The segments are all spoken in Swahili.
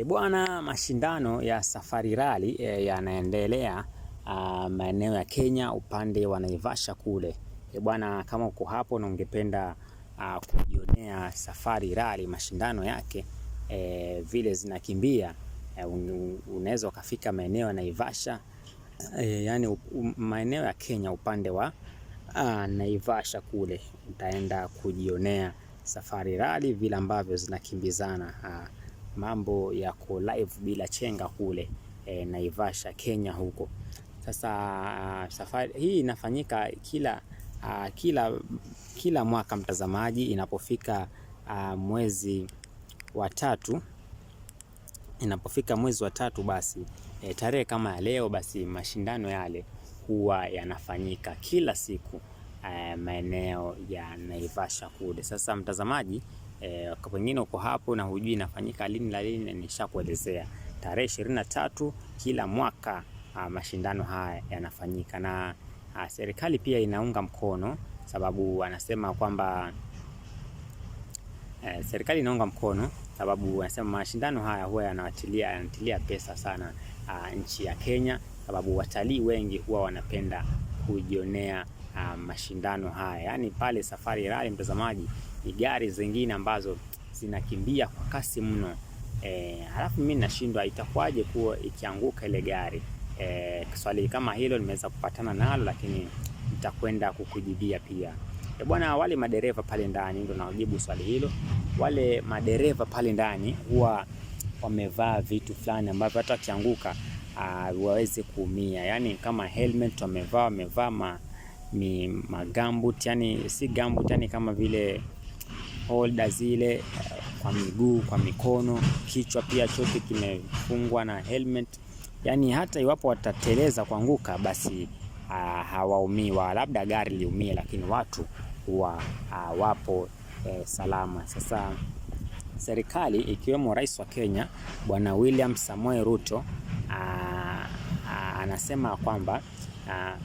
E, bwana, mashindano ya Safari Rally e, yanaendelea ah, maeneo ya Kenya upande wa Naivasha kule. E, bwana, kama uko hapo na ungependa ah, kujionea Safari Rally mashindano yake e, vile zinakimbia e, unaweza ukafika maeneo ya Naivasha e, yani um, maeneo ya Kenya upande wa a, ah, Naivasha kule utaenda kujionea Safari Rally vile ambavyo zinakimbizana a mambo yako live bila chenga kule e, Naivasha Kenya huko. Sasa ah, safari hii inafanyika kila a, ah, kila kila mwaka mtazamaji, inapofika a, ah, mwezi wa tatu inapofika mwezi wa tatu basi e, tarehe kama ya leo basi mashindano yale huwa yanafanyika kila siku e, maeneo ya Naivasha kule. Sasa mtazamaji E, eh, kwa pengine uko hapo na hujui inafanyika lini na lini, nishakuelezea tarehe ishirini na tatu kila mwaka a, ah, mashindano haya yanafanyika na a, ah, serikali pia inaunga mkono sababu anasema kwamba e, serikali inaunga mkono sababu anasema mashindano haya huwa yanawatilia yanatilia pesa sana a, ah, nchi ya Kenya sababu watalii wengi huwa wanapenda kujionea a, mashindano haya, yaani pale Safari Rally mtazamaji ni gari zingine ambazo zinakimbia kwa kasi mno e, halafu mimi nashindwa itakuwaje kuwa ikianguka ile gari e, swali kama hilo nimeweza kupatana nalo, lakini nitakwenda kukujibia pia. E, bwana, wale madereva pale ndani, ndio naojibu swali hilo. Wale madereva pale ndani huwa wamevaa vitu fulani ambavyo hata wakianguka waweze kuumia, yani kama helmet wamevaa, wamevaa ma, ni magambut, yani si gambut, yani kama vile holda zile eh, kwa miguu, kwa mikono, kichwa pia chote kimefungwa na helmet. Yani hata iwapo watateleza kuanguka, basi ah, hawaumia, labda gari liumie, lakini watu huwa ah, wapo e, salama. Sasa serikali ikiwemo Rais wa Kenya Bwana William Samoei Ruto ah, anasema kwamba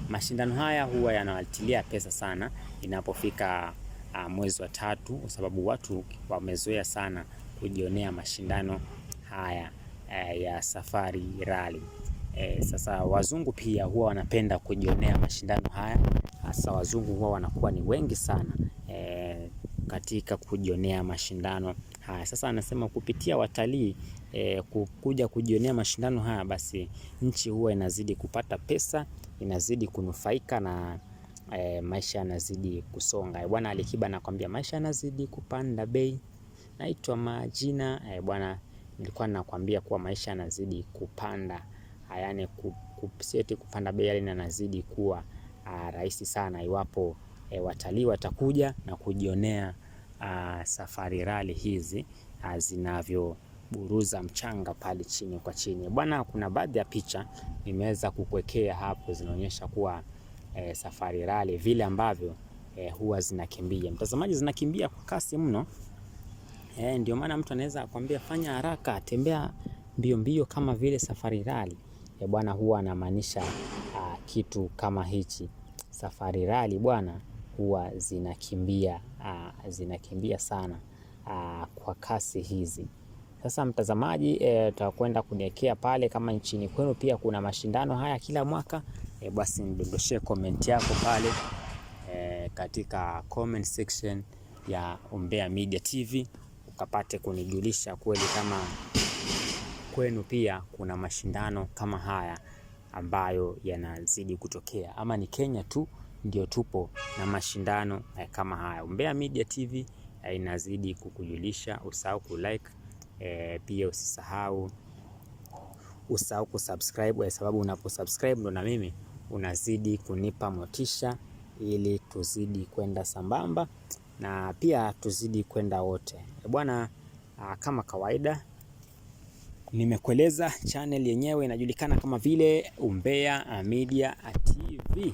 mashindano haya huwa yanawatilia pesa sana inapofika uh, mwezi wa tatu, kwa sababu watu wamezoea sana kujionea mashindano haya uh, ya Safari Rally. E, sasa wazungu pia huwa wanapenda kujionea mashindano haya, hasa wazungu huwa wanakuwa ni wengi sana e, katika kujionea mashindano haya. Sasa anasema kupitia watalii e, kuja kujionea mashindano haya, basi nchi huwa inazidi kupata pesa, inazidi kunufaika na e, maisha yanazidi kusonga. E, bwana Alikiba anakwambia maisha yanazidi kupanda bei. Naitwa Majina. E, bwana nilikuwa nakwambia kuwa maisha yanazidi kupanda, ah, yaani kusieti kupanda bei, yale yanazidi kuwa ah, rahisi sana iwapo e, watalii watakuja na kujionea a, ah, safari rali hizi zinavyoburuza mchanga pale chini kwa chini. Bwana, kuna baadhi ya picha nimeweza kukuwekea hapo zinaonyesha kuwa e, Safari Rally vile ambavyo e, huwa zinakimbia mtazamaji, zinakimbia kwa kasi mno eh, ndio maana mtu anaweza kwambia fanya haraka, tembea mbio mbio kama vile Safari Rally e, bwana huwa anamaanisha ah, kitu kama hichi. Safari Rally bwana huwa zinakimbia a, ah, zinakimbia sana a, ah, kwa kasi hizi. Sasa mtazamaji, tutakwenda kuniekea pale kama nchini kwenu pia kuna mashindano haya kila mwaka e, basi nidondoshee comment yako pale e, katika comment section ya Umbea Media TV ukapate kunijulisha kweli kama kwenu pia kuna mashindano kama haya ambayo yanazidi kutokea, ama ni Kenya tu ndio tupo na mashindano eh, kama haya. Umbea Media TV inazidi kukujulisha. Usahau like e, pia usisahau usahau kusubscribe kwa sababu unaposubscribe ndo na mimi unazidi kunipa motisha ili tuzidi kwenda sambamba na pia tuzidi kwenda wote. Bwana, ah, kama kawaida nimekueleza channel yenyewe inajulikana kama vile Umbea Media TV.